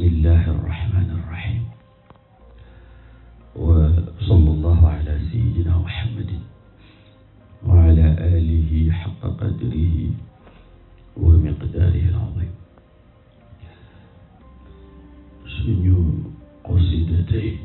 bismillahi arrahmani arrahim wa sallallahu ala sayyidina muhammadin wa ala alihi haqqa qadrihi wa miqdaarihi al-azim suñu qasida tey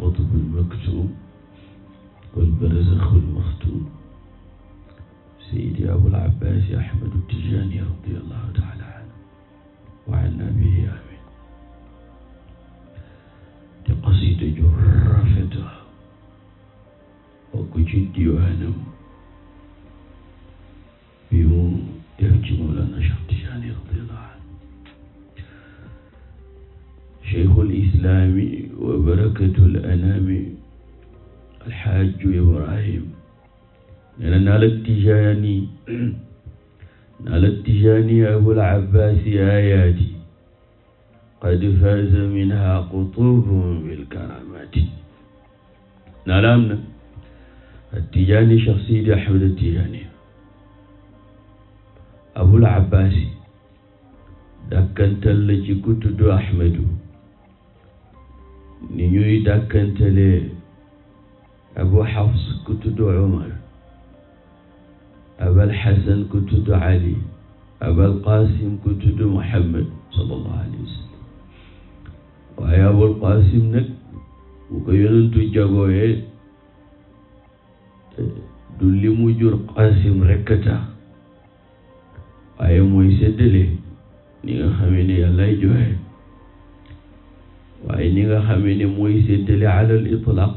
القطب المكتوم والبرزخ المختوم سيدي أبو العباس أحمد التجاني رضي الله تعالى عنه وعنا به آمين te xasida ju rafet la bokk ci diwaanam bi mu def ci Mawlana Cheikh Tijani radiyallahu anhu Cheikhul Islami wa barakatul anami alxaaju ibrahim nee na naa la tijaani naa la tijaani abul abbaasi ayaati qad faaza minha qutubun bil karamati naa la am na tijaani cheikh sidi ahmed tijaani abul abbaasi dàkkantal la ci ku tudd ahmedu ni ñuy dàkkantalee abu xafs ku tudd umar abal xasan ku tudd ali abal qasim ku tudd muhammad sallallahu alayhi wa waaye abul qasim nag bu ko yonentu jagooyee du mu jur qasim rekk a tax waaye mooy ni nga xamee ne yàllay waaye li nga xamee ni mooy séddale alal itlaq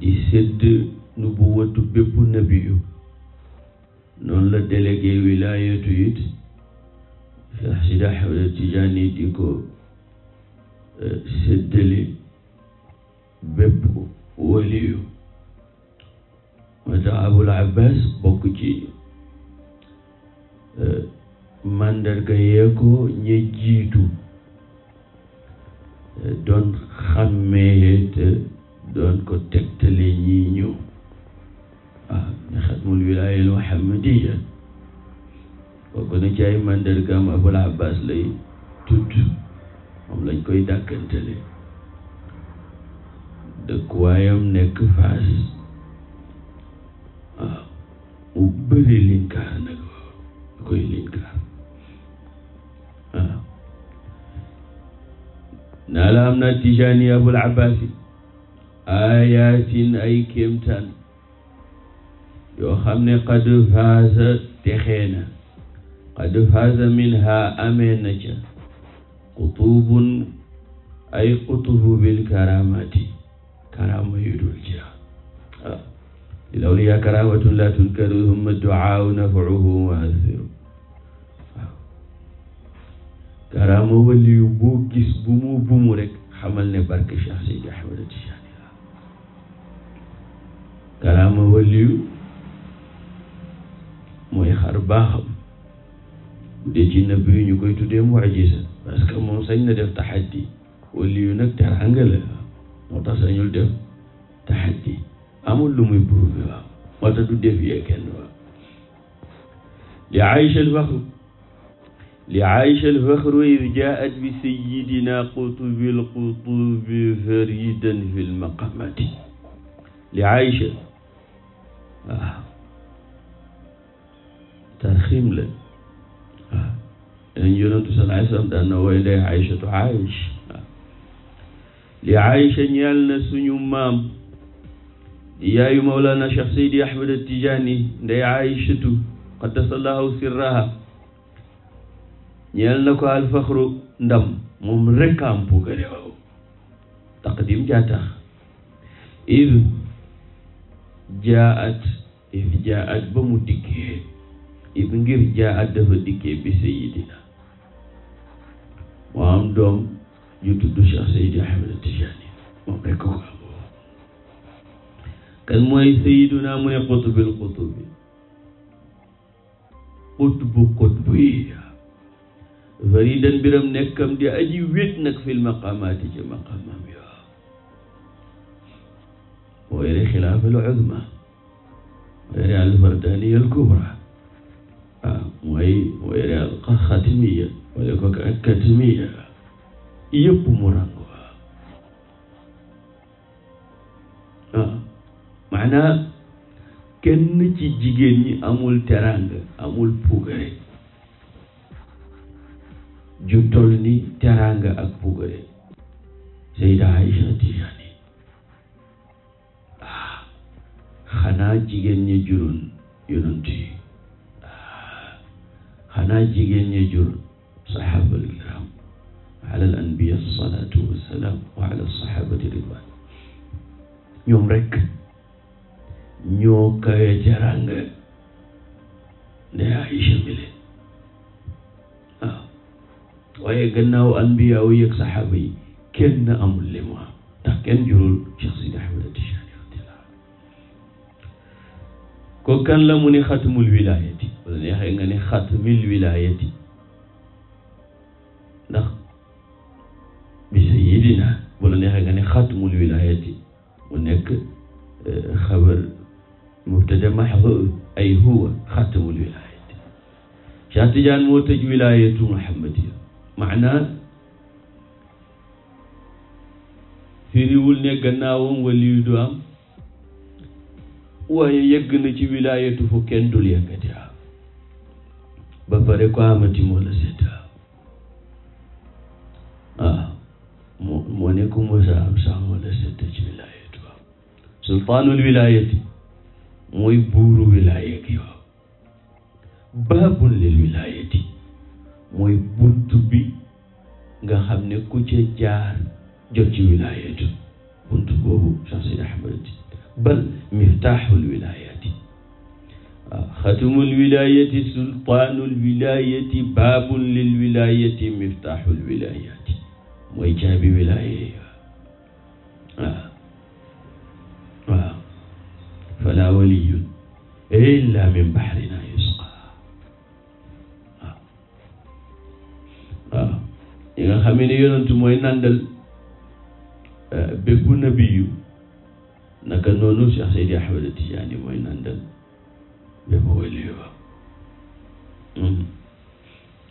di sédd nu bépp nabiyu noonu la délégué wilaayatu it Cheikh Sidi Ahmada Tijaani di ko euh, séddale bépp waliyu moo Abul Abbas bokk ci euh, mandarga yee ko ña jiitu doon xàmmee te doon ko tegtale ñi ñëw ah ne xatmul wilaayal muhammadiya bokk na ci ay mandargaam abul abbas lay tudd moom lañ koy dàkkantale dëkkuwaayam nekk faas waaw ah, mu bëri linkaar nag koy linkaar waaw ah, naa la am naa tijaani abul abbaasi ayatin ay kéemtaan yoo xam ne qad faaza texee na qad faaza min ha amee na ca qutubun ay qutubu bil karamati karama yu dul jeex ah ilaw liya karamatun la tunkaru humma duaau nafuuhu muathiru karaama waliyu boo gis bu mu bumu rek xamal ne barke Cheikh Seydi Ahmad Tijani la karaama waliyu mooy xar baaxam bu ci nabi ñu koy tuddee mu'jiza parce que moom sañ na def taxaddi waliyu nag teranga la moo tax sañul def taxaddi amul lu muy prouvé waaw moo tax du def yee kenn waaw li Aïcha wax li Aïcha al-Faxru iz jaa'at bi sayyidina qutbil qutubi faridan fil maqamati li Aïcha waaw ah. tarxiim la waaw ah. dañ yonentu sallallaahu alayhi wa sallam daan na woy ndey Aïchatu Aïch waaw ah. li Aïcha ñeel na suñu maam di yaayu Mawlana Cheikh Seydi Ahmed Tijaani ndey Aïchatu qaddasallaahu sirraha ñeel na ko alfaxru ndam moom rekk am puukare waaw taqdim jaa tax id jaat id jaat ba mu dikkee id ngir jaat dafa dikkee bi sayidina moo doom ju tudd Cheikh Seydi Ahmed Tijani moom rekk ko am mooy sayiduna mu ne xutbil xutubi xutbu faridan mbiram nekkam di aji wéet nag fil maqamaati ci maqamam yoo moo yore xilaafal uzma moo yore al fardaniya al kubra ah mooy moo yore al xatimiya wala ko ak katimiya yëpp mu ràng ah maanaam kenn ci jigéen ñi amul teranga amul puugare ju toll ni teraanga ak bugëre Seyda Aïcha Tijani ah xanaa jigéen ñi jurun yonent yi ah jigéen ñi jur saxaaba al kiram ala al anbiya salatu wa ala saxaabati ridwan ñoom rek ñoo kawe teraanga nde Aïcha mi waaye gannaaw anbiyaaw yeeg saxaaba yi kenn amul li mu am ndax kenn jurul Cheikh Sidi Ahmed Tijani radiyallahu ko kan la mu ne xatmul wilaayati wala neexee nga ne xatmil wilaayati ndax bi sayidina wala neexee nga ne xatmul wilaayati mu nekk eh, xabar mubtada mahdu ay huwa xatmul wilaayati Cheikh Tidiane moo tëj wilaayatu Muhammadiya maanaa firiwul ne gannaawam waliyu du am waaye yegg na ci wilaayatu fu kenn dul yëkkati am ba pare ko amati moo la seeta waaw ah, moo moo ne ku mosa am sax moo la seeta ci wilaayatu am sultaanul wilaayati mooy buuru wilaaya gi waaw baabul lil wilaayati mooy bunt bi nga xam ne ku ca jaar jot ci wilaayatu bunt boobu Cheikh Sidi Ahmad bal miftaaxul wilaayati waaw xatumul wilaayati sultaanul wilaayati baabun lil wilaayati miftaaxul wilaayati mooy caabi wilaaya waaw waaw falaa waliyun illa min baxrina yus xamee ne yonantu mooy nàndal euh, bépp nabiyu naka noonu Cheikh Seydi Ahmada Tijaani mooy nàndal bépp waliyu hmm.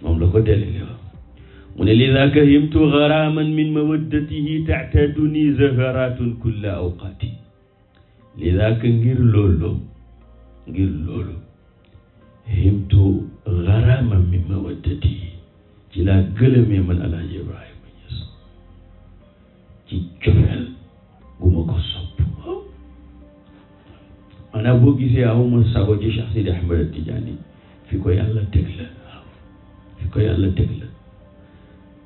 moom la ko délégué wa mu ne lidaka himtu garaman min mawaddatihi taataduni zafaratun kulla awqati lidaka ngir loolu ngir loolu himtu garaman min mawaddatihi ci laa gëlëmee man alaaji Ibrahima Niass ci cofeel gu ma ko sopp maanaam boo gisee awma sago ci Cheikh Sidi Ahmed Tidiane fi ko yàlla teg la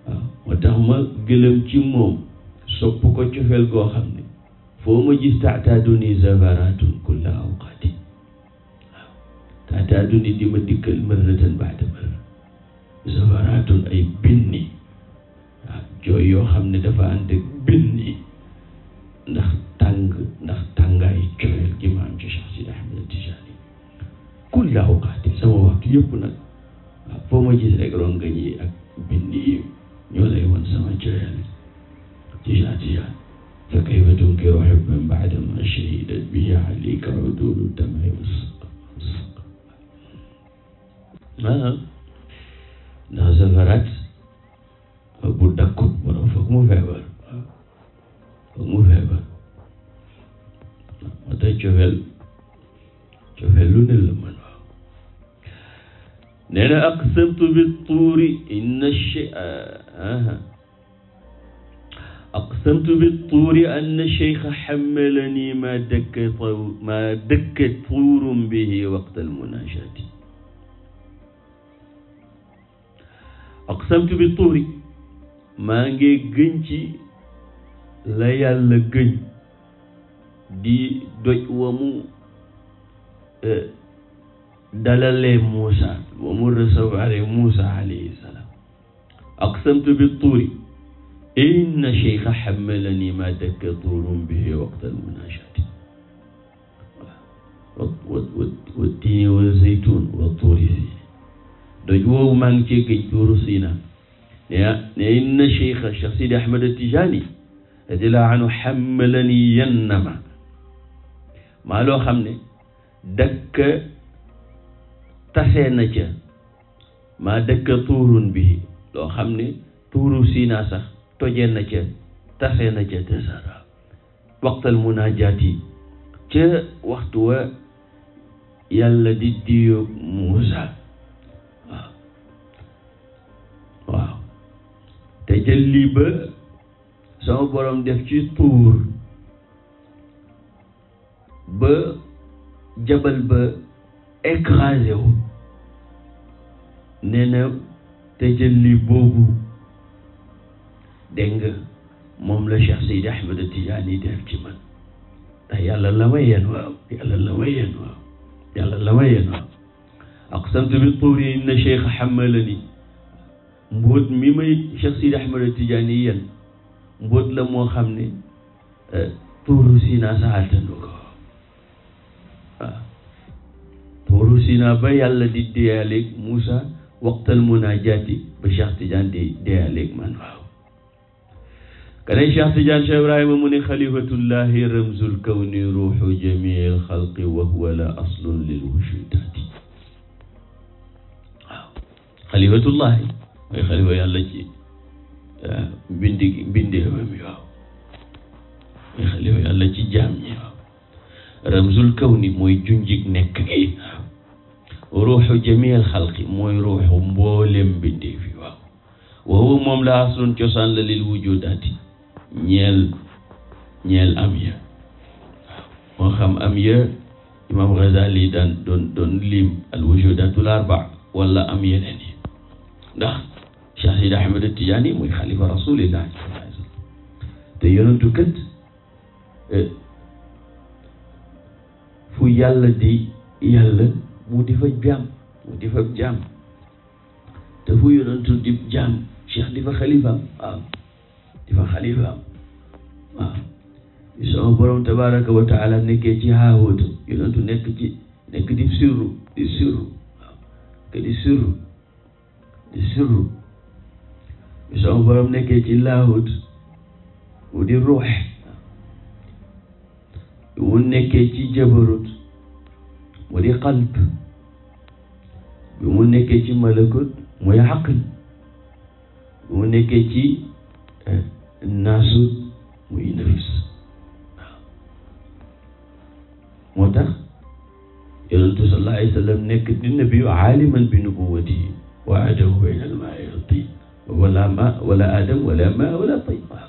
waaw moo tax ma gëlëm ci moom sopp ko cofeel goo xam ne foo ma gis taataadu ni zavaratun kulla awqati waaw taataadu ni di ma dikkal mërratan baada mërr safaraatun ay binni jooy yoo xam ne dafa ànd ak binni ndax tàng ndax tàngaay cooyal gi ma am ci Cheikh Sidi Ahmed Tijani kulla awqaati sama waxtu nag foo ma gis rek rongañ ak binni yi ñoo sama cooyal Tijaan Tijaan fa kayfa tunkiru xubban ba'da ma shahidat bihi alayka uduulu tamay ndax safaraat bu dakkut borom foog mu feebar waaw foog mu feebar moo tax cofeel cofeel lu ne la man waaw nee na aqsamtu bi tuuri inna أقسمت بالطور أن الشيخ حملني ما دك ما دك طور به وقت المناجاة aqsamtu bi tuuri maa ngi gëñ ci la yàlla gëñ di doj wa mu e, dalalee Muusa wa mu recevoir Muusa alayhi salaam aqsamtu bi tuuri inna cheikha xamalani ma dakka tuurum bihi waqta almunajati wa wa wa tiini wa zaytun wa tuuri doj woowu maa ngi cee géej tuuru Siina ne ne inna cheikha Cheikh Sidi Ahmed Tijani radiallahu anhu xammalani yennama maa loo xam ne dëkk tasee na maa dëkk tuurun bi loo xam ne tuuru Siina sax tojee na ca tasee na ca tasara waxtal waxtu wa yàlla di diyo Muusa jël lii ba sama borom def ci tuur ba jabal ba écrasé wu nee na te jël lii boobu dégg nga moom la Cheikh Seydi Ahmed Tidiane def ci man ndax yàlla la ma yéen waaw yàlla la ma waaw yàlla la ma waaw aqsamtu bi tuuri inna cheikh xamalani mbóot mi may Cheikh Sidi Ahmad Tidiane yi yéen mbóot la moo xam ne euh, tuuru Sinaa saxaltandu ko waaw tuuru Sinaa ba yàlla di deyaaleeg Moussa waxtal munaajaati ba Cheikh Tidiane di deyaaleeg man waaw kanay Cheikh Tidiane Cheikh Ibrahima mu ne xalifatullahi ramzul kawni ruuxu jamiil xalqi wa huwa la aslun lil wujudaati waaw xalifatullahi mooy xalifa mooy xalifa yàlla eh, ramzul kawni mooy junjig nekk gi ruuxu jamil mooy ruuxu mboolem mbindeef yi waaw wa huwa moom la aslun cosaan la lil wujudaati ñeel am ya moo xam am ya imam Ghazali daan lim al wujudatul arba wala am yeneen yi ndax Cheikh Sidi Ahmed Tidiane muy xalifa rasulillah te yonentu kët eh, fu yàlla di yàlla mu di fa jaam te fu yonentu di jaam Cheikh di fa xalifaam di fa xalifaam waaw sama borom tabaraka wa taala nekkee ci xaawatu yonentu nekk di sirru di sirru waaw sirru di sirru bi sama nekk nekkee ci laahut mu di ruux bi mu nekkee ci jabarut mu di qalb bi mu nekkee ci malakut muy aql bi mu nekkee ci eh, naasut muy nafs moo tax yonentu sallallahu alayhi wa sallam nekk di nabiyu aaliman bi nubuwwatihi wa adahu bayna al wala ma wala adam wala ma wala tayqa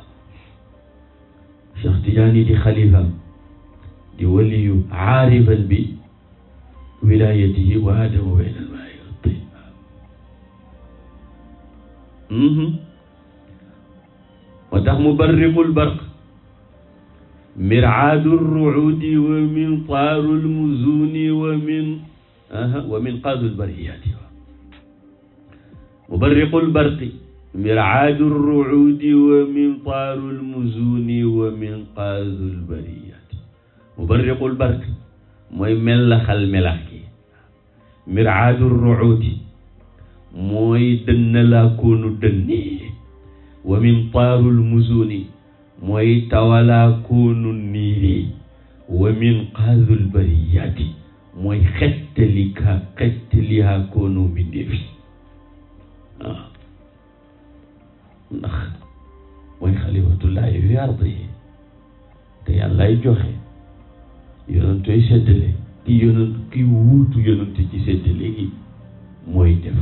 Cheikh Tidiane di xalifaam di waliyu aarifan bi wilayatihi wa adama bayna almaa'i wa tayqa mhm. moo tax mubarriqul barq mir'aadu ruudi wa min taaru lmuzuni wa min wa min qaadu lbariyaati mubarriqul barqi mir'aaju ru'uudi wa mintaaru lmuzuuni wa minqaazu lbariyati mubarriqul bark mooy mellaxal melax gi mir'aaju ru'uudi mooy dënna laa koonu dënni wa mintaaru lmuzuuni mooy tawalaa koonu niiri wa minqaazu lbariyati mooy xettali ka xettalihaa koonu mbindéef waaw ndax mooy xalifatullaahi fi yi te yàllaay joxe yonentoy séddale ki yonent ki wuutu yonent ci séddale gi mooy def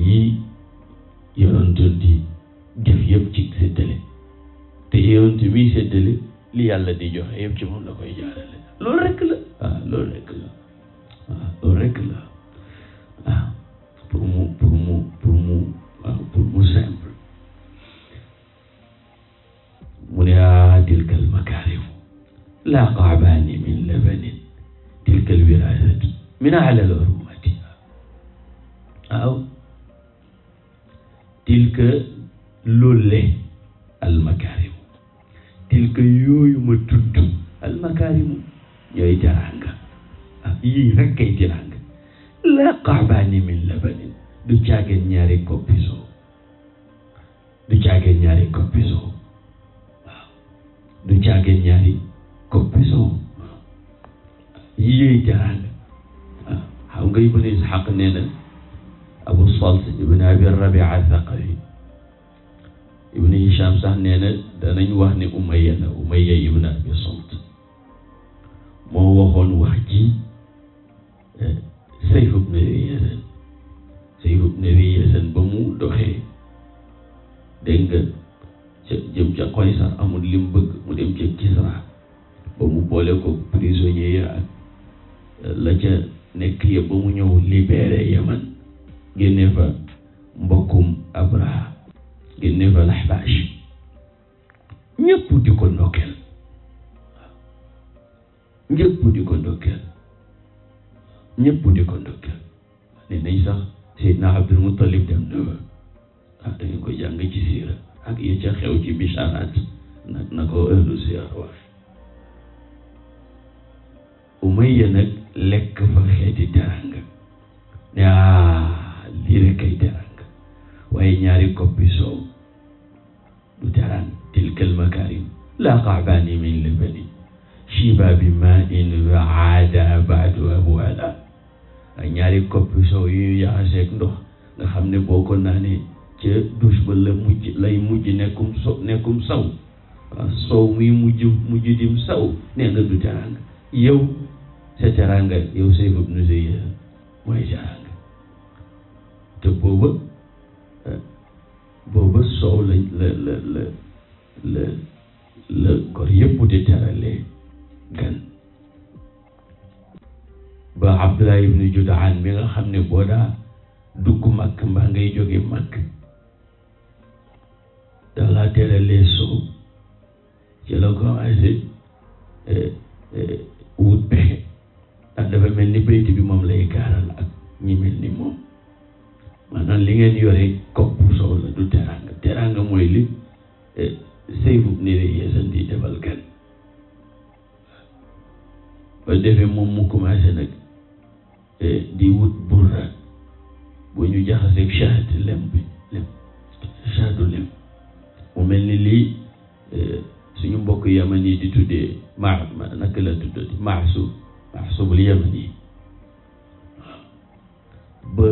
yii yonent di def yëpp ci séddale te yonent miy séddale li yàlla di joxe yëpp ci moom la koy jaarale loolu rekk la waaw loolu rekk la waaw pour mu لا قعبان من لبن تلك الوراثة من أعلى العرومة أو تلك لولي المكارم تلك يوم تد المكارم يوي ترانغ يي ركاي ترانغ لا قعبان من لبن du caageen ñaari koppi soow du caageen ñaari koppi soow waaw du caageen ñaari comme yi yooyu teraanga xam nga Ibnu Isxaq nee na Abu Salt ibn Abi Rabia Thaqafi Ibnu Hisham sax nee na danañ wax ne Umayya la Umayya ibn Abi Salt moo waxoon wax ji Sayf ibn Abi ba mu doxee dégg nga ca jëm ca Qaysar mu bëgg mu dem ca omu mu boole ko prisonnier ya ak eh, la ca nekk ya ba mu ñëw libéré yaman génne fa mbokkum abraha génne fa laxbaash ñëpp di ko ndokkeel ñëpp di ko ndokkeel ñëpp di ko ndokkeel ne nañ sax Seydina Abdul Muttalib dem na fa ah da ngeen ko jàng ci siira ak xew ci bicharaat nag na ko ëllu siyaar wax Umayya nag lekk fa xeeti teranga ne ah lii rek ay teranga waaye ñaari koppi soow du teraan tilkal makarim laa qaabaani min labani shiba bi ma in wa aada baadu abwaala waaye ñaari koppi soow yu yaxaseeg ndox nga xam ne boo ko naanee ca douche ba la mujj lay mujj nekkum so nekkum saw waaw soow muy mujj mujj dim saw nee nga du teranga yow sa teraanga yow say bëb nu say mooy teraanga te booba eh, booba soow la la la la la la kor teralee gan ba Abdullah ibnu Judaan mi nga xam ne boo daa dugg màkk mbaa ngay jóge màkk dalaa teralee soow ci la commencé eh, wut eh, dafa mel ni béykat bi moom lay gaaral ak ñi mel ni moom maanaam li ngeen yore kopp soow la du teraanga teraanga mooy li saytu ni la yeesal di defal kenn ba defee moom mu commencé nag eh, di wut burra bu ñu jaxaseeg chahati lem bi lem chahatu lem mu mel ni lii eh, suñu mbokk yaman yi di tuddee ma naka la tuddati maasu af subul yamini ba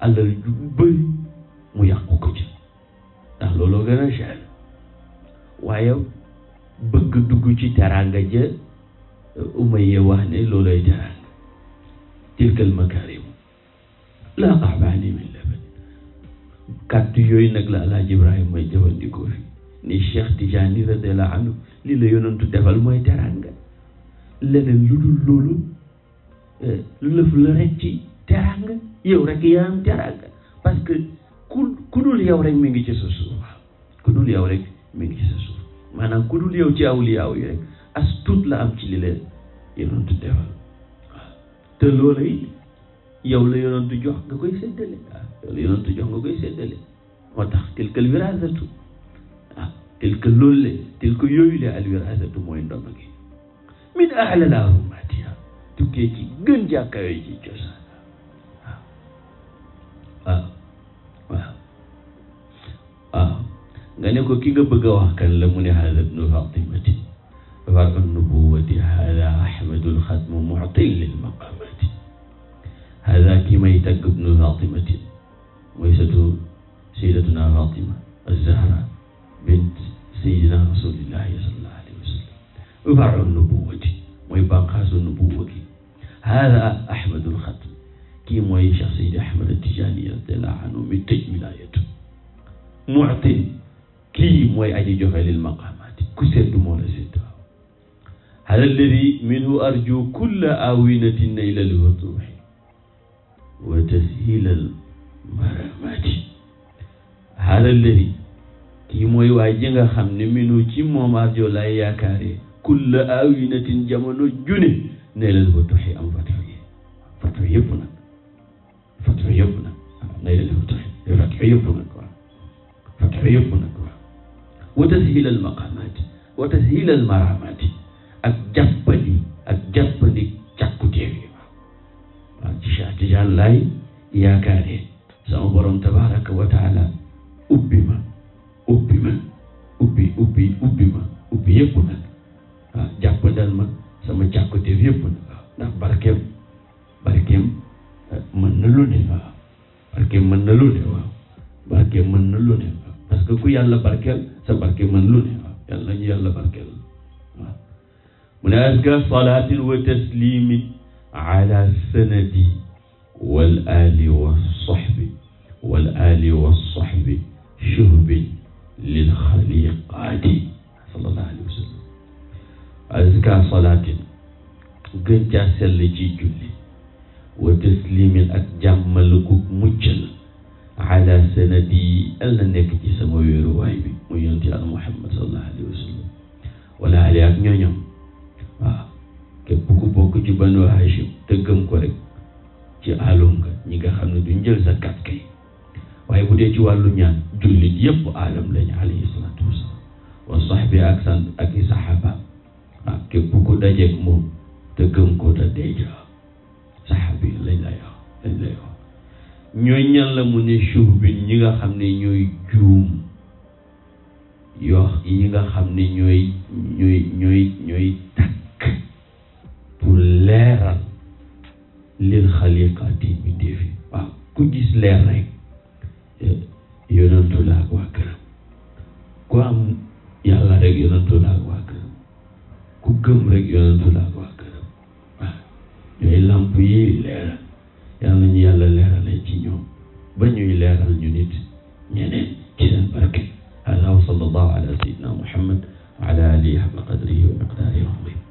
alal ju bëri mu yàqu ci ndax looloo gën a cher waaye bëgg dugg ci teraanga ja umayee wax ne looloy teraanga tilkal makarim laa qaxbaani min laban kàddu yooyu nag la alaaji ibrahima mooy jëfandikoo fi ni cheikh tijani radiallahu anhu li la yonantu defal mooy teraanga leneen lu dul loolu eh, lëf la rek ci teraanga yow rek yaa am teraanga parce que ku ku dul yow rek mi ngi ci sa suuf ku dul yow rek mi ngi ci sa maanaam ku dul yow ci awliyaaw yi rek as tuut la am ci li leen yonentu defal waaw te loola it yow la yonentu jox nga koy séddale ah, la yonentu jox nga koy séddale moo tax tel quel wirasatu ah tel quel loolu le tel que yooyu le al wirasatu mooy ndono gi min a'laa hurumaatihaa tukkee ci gën jàkkawee ji cosaan waaw waaw waaw nga ne ko ki nga bëgg a wax kan la mu ne haada ibnu fatimati rafa nubuwati haada ahmadul xatmu mu'til lil maqamati haada ki may tagg ibnu fatimati mooy satu sayyidatuna fatima az-zahra bint sayyidina rasulillahi sallallahu ubaru nubuwati mooy banqaasu nubuwa gi hada ahmadul xat kii mooy cheikh saydi ahmad tijani radiallahu anhu mi tëj wilaayatu mutin kii mooy aji joxe lil maqaamaati ku seddu moo la sedd waaw hada alladi minhu arju kulla awinati nayla li wutuuxi wa tashilal maramaati hada alladi kii mooy waa ji nga xam ne minu ci moom arjo lay yaakaaree kulla awinatin jamono june ne leen fa tuxi am fatu yi fatu yëpp nag fatu yëpp nag ne leen fa tuxi fatu yëpp nag waaw fatu yëpp nag waaw wa tashil al maqamati wa tashil al maramati ak jàppandi ak jàppandi càkkuteef yi waaw waaw ci Cheikh Tidiane laay yaakaaree sama borom tabaraka wa taala ubbi ma ubbi ma ubbi ubbi ubbi ma ubbi yëpp nag waaw ah, jàppandal ma sama càkkutéef yëpp na waaw ah, ndax barkeem barkeem ah, mën na lu ne waaw barkeem mën na lu ne waaw barkeem mën na lu ne waaw parce que ku yàlla barkeel sa barke mën lu ne waaw yàlla ñu yàlla barkeel waaw mu ne azka salaatin wa taslimin ala sanadi wal ali wa sahbi wal ali wa sahbi shuhbi azka salaatin gën caa sell ci julli wa taslimin ak jàmmal ku mucc la ala nekk ci sama wéeruwaay bi mu yonent yàlla Muhammad sallallahu wa sallam wala ali ak ñooñom waaw ku bokk ci banu Hachim te ko rek ci aalum nga ñi nga xam ne duñ jël sa kat kay waaye bu dee ci wàllu ñaan jullit yépp aalam lañ alayhi salaatu wasalaam wa sahbi ak sant ak i saxaabaam ak ah, képp ku dajeeg moom te gëm ko te dee ja lañ lay wax lañ lay wax ñooy ñan la mu ne suuf bi ñi nga xam ne ñooy juum yoo yi nga xam ne ñooy ñooy ñooy ñooy takk pour leeral lil xaliqaati bi dee fi ku gis leer rek eh, yonentu la waa këram ku am yàlla rek yonentu la waa ku gëm rek yonentu la ak waa këram waaw ñooy làmp yi leeral yàlla nañu yàlla leerale ci ñoom ba ñuy leeral ñu nit ñeneen ci seen barke allahu sallallahu ala sayyidina muhammad wa ala alihi haqqa qadrihi wa miqdarihi